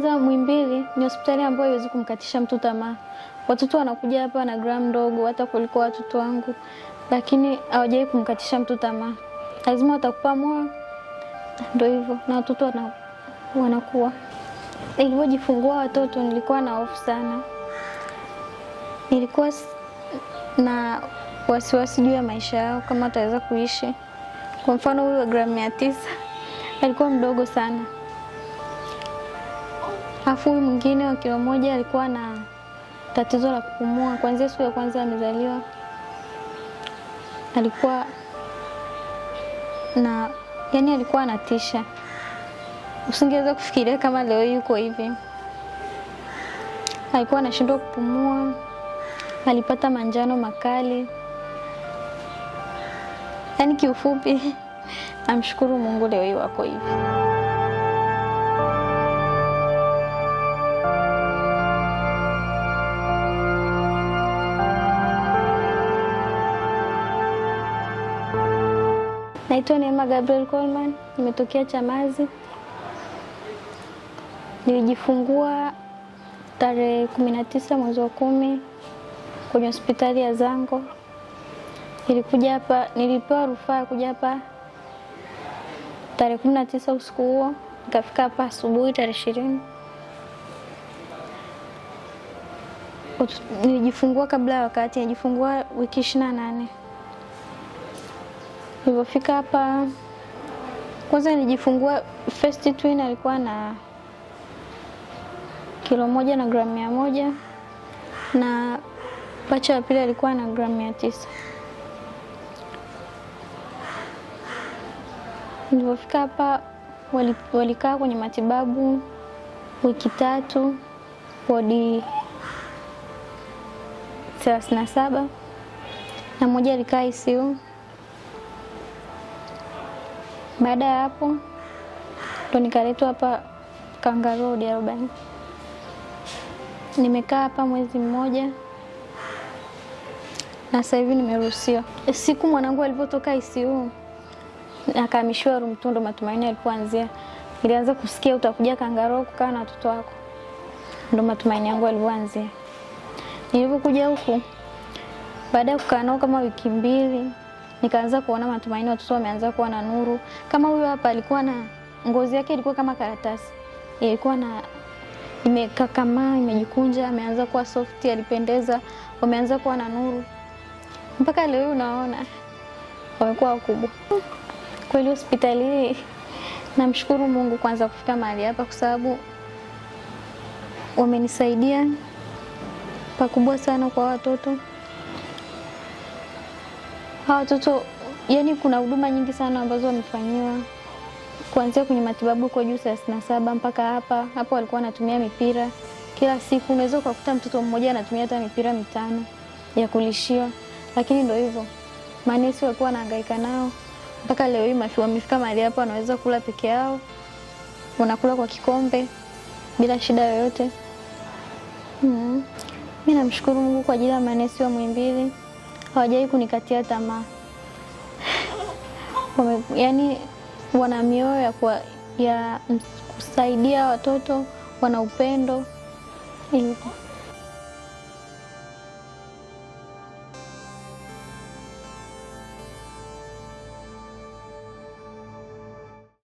Kwanza Muhimbili ni hospitali ambayo haiwezi kumkatisha mtu tamaa. Watoto wanakuja hapa na gramu ndogo hata kuliko watoto wangu, lakini hawajawahi kumkatisha mtu tamaa. Lazima watakupa moyo, ndio hivyo, na watoto wanakuwa. Nilivyojifungua watoto nilikuwa na hofu sana, nilikuwa na wasiwasi juu ya maisha yao, kama wataweza kuishi. Kwa mfano huyu wa gramu mia tisa alikuwa mdogo sana. Alafu huyu mwingine wa kilo moja alikuwa na tatizo la kupumua kwanzia siku ya kwanza amezaliwa, alikuwa na yani, alikuwa anatisha, usingeweza kufikiria kama leo yuko hivi. Alikuwa anashindwa kupumua, alipata manjano makali. Yani kiufupi, namshukuru Mungu leo yuko hivi. Naitwa Neema Gabriel Coleman, nimetokea Chamazi. Nilijifungua tarehe 19 mwezi wa kumi kwenye hospitali ya Zango. Nilikuja hapa, nilipewa rufaa ya kuja hapa tarehe 19 usiku huo, nikafika hapa asubuhi tarehe ishirini. Nilijifungua kabla ya wakati, nilijifungua wiki ishirini na nane. Nilipofika hapa kwanza nilijifungua first twin alikuwa na kilo moja na gramu mia moja na pacha wa pili alikuwa na gramu mia tisa. Nilipofika hapa walikaa kwenye matibabu wiki tatu, wodi thelathini na saba na moja alikaa ICU. Baada ya hapo ndo nikaletwa hapa Kangaroo wodi Nimekaa hapa mwezi mmoja na sasa hivi nimeruhusiwa. E, siku mwanangu alipotoka ICU akahamishiwa Rumtundo, matumaini yalipoanzia, nilianza kusikia utakuja Kangaroo kukaa na watoto wako, ndo matumaini yangu yalipoanzia. Nilipokuja huku baada ya kukaa nao kama wiki mbili nikaanza kuona matumaini, watoto wameanza kuwa na nuru. Kama huyo hapa alikuwa na ngozi yake ilikuwa kama karatasi, ilikuwa na imekakamaa, imejikunja, ameanza kuwa soft, alipendeza, wameanza kuwa na nuru. Mpaka leo unaona wamekuwa wakubwa kweli. Hospitali namshukuru Mungu kwanza kufika mahali hapa, kwa sababu wamenisaidia pakubwa sana kwa watoto hawa watoto yani, kuna huduma nyingi sana ambazo wamefanyiwa kuanzia kwenye matibabu huko juu thelathini na saba mpaka hapa hapo, walikuwa wanatumia mipira kila siku. Unaweza ukakuta mtoto mmoja anatumia hata mipira mitano ya kulishiwa, lakini ndio hivyo, manesi walikuwa wanahangaika nao mpaka leo hii wamefika mahali hapa, wanaweza kula peke yao, wanakula kwa kikombe bila shida yoyote. Mm. Mi namshukuru Mungu kwa ajili ya manesi wa Muhimbili hawajawahi kunikatia tamaa. Yani wana mioyo ya, kwa, ya kusaidia watoto, wana upendo hivyo.